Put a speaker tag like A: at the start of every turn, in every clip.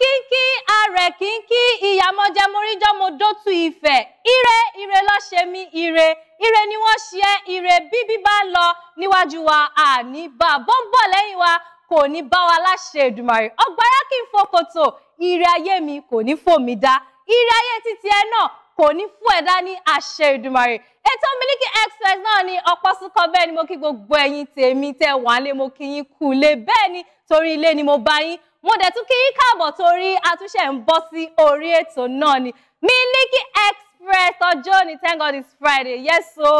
A: kínkí arẹ̀ kínkí ìyàmọ̀jẹ moríjọ́ mo dótú ìfẹ́ ire ire ló ṣe mí ire ire ni wọ́n ṣe ire bí bíbá lọ níwájú wa àní bá bó ń bọ̀ lẹ́yìn wa kò ní bá wa láṣẹ Èdùmàrè ọgbàrá kí n fọkòtò ire ayé mi kò ní fò mí dá ire ayé títí ẹ náà kò ní fún ẹ̀dá ní àṣẹ Èdùmàrè ètò Miliki Express náà ni ọ̀pọ̀ súnkọ bẹ́ẹ̀ ni mo kí gbogbo ẹ̀yin tèmi tẹ́ wà lé mo kí yín kú lé bẹ́ẹ̀ ni torí ilé ni mo bá yín mo dẹ̀ tún kí káàbọ̀ torí àtúnṣe ń bọ́ sí orí ètò náà ni Miliki Express ọjọ́ ni thank God it's Friday yes o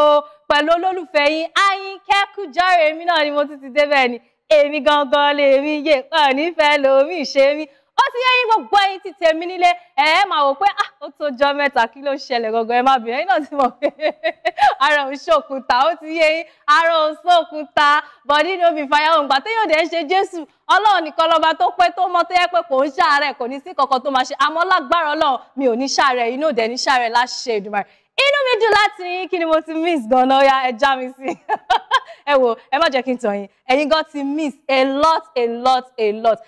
A: pẹ̀lú olólùfẹ́ yín Àyìnkẹ́ Kújọ́rè èmi náà ni mo tún ti débẹ̀ ni èmi gangan lèmi yè pọ̀ nífẹ̀ẹ́ lòmí ṣe mí ó ti yẹ yín gbogbo ẹyin ti tèmi nílé ẹ máa wò pé ah ó tó jọ mẹ́ta kí ló ṣẹlẹ̀ gangan ẹ má bìí ẹ̀yin náà ti mọ̀ pé ara ò ṣòkúta ó ti yé yín ara ò ṣòkúta bọ̀dí ni ó fi fàyà òǹgbà tí yóò dé ṣe jésù ọlọ́run nìkan lọ́ba tó pé tó mọ́ tó yẹ pé kò ń ṣàárẹ̀ kò ní sí kankan tó máa ṣe àmọ́ lágbára ọlọ́run mi ò ní ṣàárẹ̀ inú òdẹ ní ṣàárẹ̀ láṣẹ Èdùmàrè inú mi dùn láti yín kí ni mo ti miss ganan ya ẹ já mi sí ẹ wò ẹ má jẹ́ kí n tàn yín ẹ̀yin gan ti miss a lot a lot a lot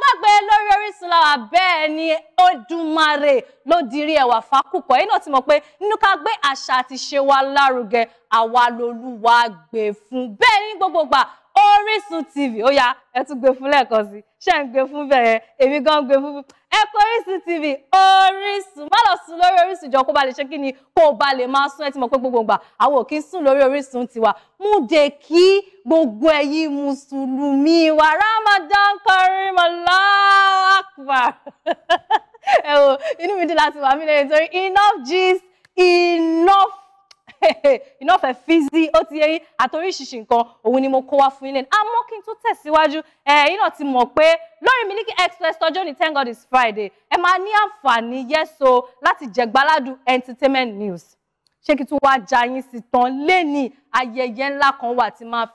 A: gbàgbé lórí Orísun láwa bẹ́ẹ̀ ni Odùmarè ló dirí ẹwà fákùkọ yìí náà ti mọ̀ pé nínú ká gbé àṣà àti ṣe wa lárugẹ àwa lolúwa gbé fún bẹ́ẹ̀ ni gbogbo Orísun TV ó yá ẹ tún gbé fún lẹ́ẹ̀kan sí ṣe ń gbé fún bẹ́ẹ̀ èmi gan gbé fún ẹ kọ Orísun TV Orísun má lọ sùn lórí Orísun jọ kó ba lè ṣe kí ni kó ba lè máa sún ẹ ti mọ̀ pé gbogbo ìgbà àwọn ò kí ń sùn lórí Orísun tiwa mú de kí gbogbo ẹ̀yin mùsùlùmí wa Ramadan Kareem Allahu Akbar ẹ wo inú mi dùn láti wà mí lẹ́yìn torí enough gist enough iná fẹ́ fíìsì ó ti yẹyìn àtoríṣiṣi nǹkan òun ni mo kó wá fún yín lẹ́nu àmọ́ kí n tó tẹ̀síwájú ẹ̀yin náà ti mọ̀ pé lórí Miliki Express tọjọ́ ní thank God it's Friday ẹ máa ní àǹfààní yẹ́so láti jẹ̀gbáládùn entertainment news ṣé kí tún wá já yín sí tán lẹ́ni ayẹyẹ ńlá kan wà tí máa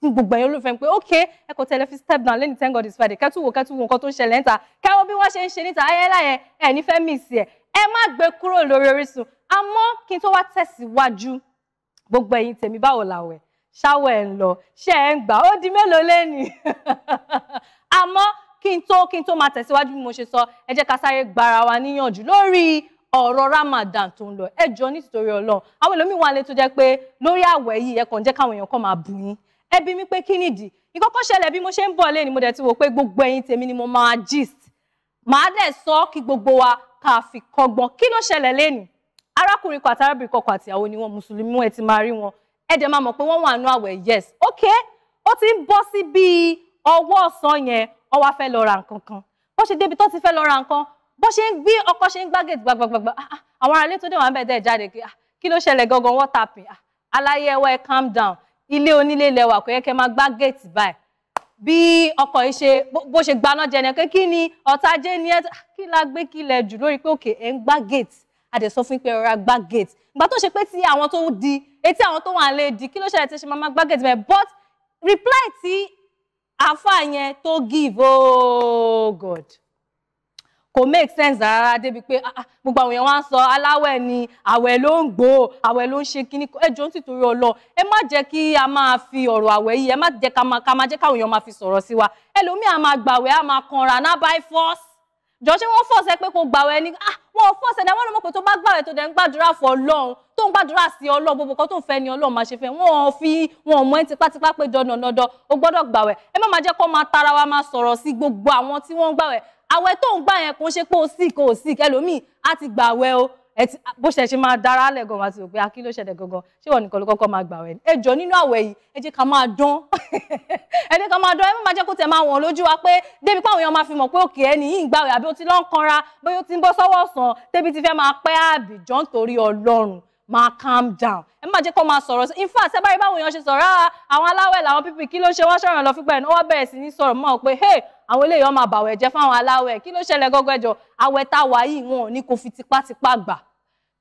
A: fún gbogbo ẹ̀yin olùfẹ́ pé ok ẹ kò tẹ̀lé fi step down lẹ́ni thank God it's Friday kẹ́tù wo kẹ́tù wo nǹkan tó ń ṣẹlẹ̀ níta kẹ́wọ́ bí wọ́n ṣe ń ṣe níta ayẹyẹ láyẹ ẹ̀ nífẹ̀ẹ́ mí sí ẹ̀ ẹ má gbé kúrò lórí Orísun àmọ́ kí n tó wá tẹ̀síwájú gbogbo ẹ̀yin tèmi báwo làwẹ̀ ṣáwọ̀ ẹ̀ ń lọ ṣé ẹ̀ ń gbà ó di mélòó lẹ́nìí àmọ́ kí n tó kí n tó máa tẹ̀síwájú bí mo ṣe sọ ẹ jẹ́ ká sáré gbára wa níyànjú lórí ọ̀rọ̀ Ramadan tó ń lọ ẹ jọ nítorí Ọlọ́run àwọn ẹlòmíín wà lè tó jẹ́ pé lórí àwẹ̀ yìí ẹ kàn jẹ́ káwọn èèyàn kàn máa bù yín ẹ bi pé kí nìdí ìkọ́kọ́ ṣẹlẹ̀ bí mo ṣe ń bọ̀ lé ni mo dẹ̀ ti wò pé gbogbo ẹ̀yin tèmi ni mo máa gist màá dẹ̀ sọ kí gbogbo wa ká fi kọ́gbọ́n kí ló ṣẹlẹ̀ lẹ́nu arákùnrin kan àti arábìnrin kan àtìyàwó ni wọn mùsùlùmí ẹ ti máa rí wọn ẹ dẹ̀ máa mọ̀ pé wọ́n wà nú àwẹ̀ yes ok ó ti ń bọ́ sí bíi ọwọ́ ọ̀sán yẹn ó wá fẹ́ lọ ra nǹkan kan bó ṣe débi tó ti fẹ́ lọ ra nǹkan bó ṣe ń gbé ọkọ ṣe ń gbágẹ̀dì gbagbagbagba ah, ah, àwọn ará ilé tó dé wà ń bẹ̀ dẹ̀ jáde ah, kí ló ṣẹlẹ̀ gangan wọ́n tàpín aláyé calm down ilé onílé lẹwà kò yẹ kẹ́ máa gbá báyìí bí ọkọ̀ yìí ṣe bó ṣe gbaná jẹnẹ pé kí ni ọ̀tajé ni ẹ kí la gbé kílẹ̀ jù lórí pé òkè ẹ̀ ń gbá gate àdẹ̀sọ fún pé ọ̀rá gbá gate ìgbà tó ṣe pé ti àwọn tó di etí àwọn tó wà lè di kí ló ṣẹlẹ̀ tí ṣe máa gbá gate bẹ́ẹ̀ but reply ti àáfàá yẹn tó give oh God kò make sense rárá débi pé ah, ah, gbogbo àwọn èèyàn wá ń sọ aláwẹ̀ ni àwẹ̀ ló ń gbò àwẹ̀ ló ń ṣe kíní ẹ jọ̀ọ́ nítorí ọlọ ẹ má jẹ́ kí a máa fi ọ̀rọ̀ àwẹ̀ yìí ẹ má jẹ́ ká máa jẹ́ káwọn èèyàn máa fi sọ̀rọ̀ sí wa ẹlòmíì a máa gbàwẹ̀ a máa kanra náà by force jọ ṣé wọ́n fọ̀ọ́sẹ̀ pé kò gbàwẹ̀ ni ah, wọn ò fọ̀ọ́sẹ̀ náà wọ́n tó bá gbàwẹ̀ tó dẹ̀ ń gbàdúrà fún Ọlọ́run tó ń gbàdúrà sí Ọlọ́run gbogbo kan tó ń fẹ́ ni Ọlọ́run máa ṣe fẹ́ wọn fi wọn ò ẹ́ tipátipá pé dandan dandan ó gbọ́dọ̀ gbàwẹ̀ ẹ má máa jẹ́ kó máa tara wa máa sọ̀rọ̀ sí gbogbo àwọn tí wọ́n gbàwẹ̀ àwẹ̀ tó ń gbà yẹn kò ń ṣe pé o sick o sick ẹlòmíì á ti gbà wẹ̀ o bó ṣe ṣe máa dára lẹ̀ gan àti òpin akí ló ṣẹlẹ̀ gangan ṣé wọn nìkan ló kọ́kọ́ máa gbà wẹ̀ ni. ẹ jọ̀ọ́ nínú àwẹ̀ yìí ẹ jẹ́ ká máa dán ẹ jẹ́ ká máa dán ẹ má máa jẹ́ kó tẹ̀ máa wọ̀n lójú wa pé débi pé àwọn èèyàn máa fi mọ̀ pé òkè ẹni yìí ń gbà wẹ̀ àbí ó ti lọ́ ń kanra bóyá ó ti ń bọ́ sọ́wọ́ ọ̀sán débi ti fẹ́ máa pẹ́ àbìjọ́ nítorí Ọlọ́run máa calm down ẹ má jẹ́ kó máa sọ̀rọ̀ sí in fact ẹ bá rí báwọn èèyàn ṣe sọ̀rọ̀ ah àwọn aláwẹ̀ làwọn pípì kí ló ṣe wọ́n ṣọ̀rọ̀ lọ fígbà ẹ̀ ní wọ́n bẹ̀rẹ̀ sí ní sọ̀rọ̀ mọ́ pé hey àwọn eléyìí ọmọ àbàwẹ̀ jẹ́ fáwọn aláwẹ̀ kí ló ṣẹlẹ̀ gọ́gọ́ ẹjọ́ àwẹ̀ tá wà yìí wọn ò ní kó fi tipátipá gbà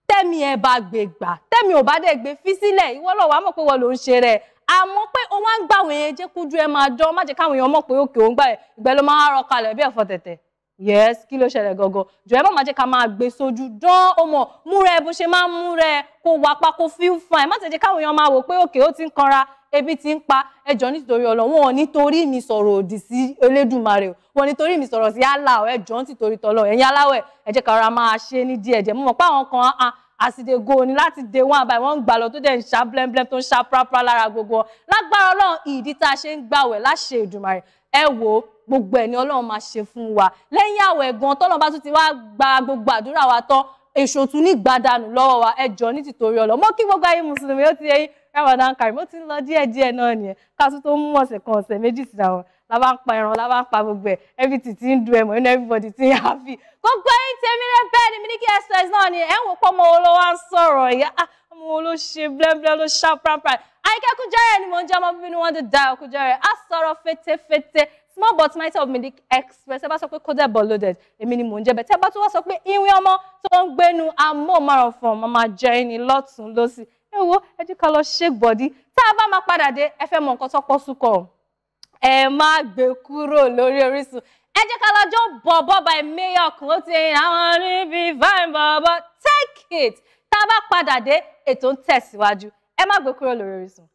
A: tẹ́mi ẹ bá gbé gbà tẹ́mi ò bá dẹ̀ gbé fi sílẹ̀ ìwọ ló wá mọ̀ pé wọ́n ló ń ṣe rẹ̀ àmọ́ pé ó wá ń gbàwẹ̀ yẹn jẹ́ kójú ẹ máa dán má jẹ́ káwọn èèyàn mọ̀ pé òkè òun gbà ẹ̀ ìgbẹ́ ló máa ń rọ kalẹ̀ bí ẹ̀fọ́ tẹ̀tẹ̀ yes kí ló ṣẹlẹ̀ gangan jọ ẹ má máa jẹ́ ká máa gbé sojú dán ó mọ̀ múra ẹ bó ṣe máa ń múra ẹ kó wà pa kó feel fine má ti jẹ́ káwọn èèyàn máa wò pé òkè ó ti ń kanra ebi ti ń pa ẹjọ́ nítorí ọlọ́wọ́n wọn nítorí mi sọ̀rọ̀ òdì sí Elédùmarè wọn nítorí mi sọ̀rọ̀ sí aláwọ̀ ẹjọ́ nítorí tọ́lọ́ ẹ̀yin aláwọ̀ ẹ jẹ́ ká ara máa ṣe ní díẹ̀díẹ̀ mo mọ̀ pé kan ah, as e go ni láti day one by one gbà lọ tó dẹ̀ ń ṣá blẹ́mblẹ́m tó ń ṣá prapra lára gbogbo wọn lágbára ọlọ́run ìdí tá a ṣe ń gbàwẹ̀ láṣẹ Èdùmàrè ẹ wò ó gbogbo ẹ̀ ni ọlọ́run máa ṣe fún wa lẹ́yìn àwẹ̀ gan tọ́lọ́run bá tún ti wá gba gbogbo àdúrà wa tán èso tún ní gbàdánù lọ́wọ́ wa ẹ jọ̀ọ́ ní tìtorí ọlọ́ mọ́ kí gbogbo ayé mùsùlùmí ó ti yẹ Ramadan Kareem ó ti ń lọ díẹ̀díẹ̀ náà nìyẹn ká tó mú ọ̀sẹ̀ kan ọ̀sẹ̀ méjì sí àwọn la pa ẹran la pa gbogbo ẹ̀ everything ti ń dùn ẹ̀mọ́ inú everybody ti ń happy. gbogbo ẹ̀yin tèmi rẹ bẹ́ẹ̀ ni Miliki Express náà ni ẹ̀ ń wò pọ́ ọmọ olówó ń sọ̀rọ̀ ìyá ah, ọmọ olówó ṣe blẹ́blẹ́ ló ṣá pranpran. Àyìnkẹ́ Kújẹ́rẹ́ ni mò ń jẹ́ ọmọ bíbí ni wọ́n ti da Kújẹ́rẹ́ á sọ̀rọ̀ fetefete small but mighty of Miliki Express ẹ bá sọ pé kódà bọ̀ loaded èmi ni mò ń jẹ́ bẹ̀ tí ẹ bá tún wá sọ pé ìwé ọmọ tó ń gbénu amóhùnmáwòrán fún ọmọ máa jẹ́ ẹni lọ́tún lọ́sì ẹ wo ẹ jẹ́ ká lọ ṣègbọ́dí tá a bá máa padà dé ẹ fẹ́ mọ nǹkan tó pọ̀ sùkọ̀ ẹ má gbé kúrò lórí Orísun ẹ jẹ́ ká lọ́jọ́ bọ̀bọ̀ by mayor kan ó ti ẹ̀yìn àwọn níbi vine bọ̀bọ̀ take it tá a bá padà dé ètò ń tẹ̀síwájú ẹ má gbé kúrò lórí Orísun.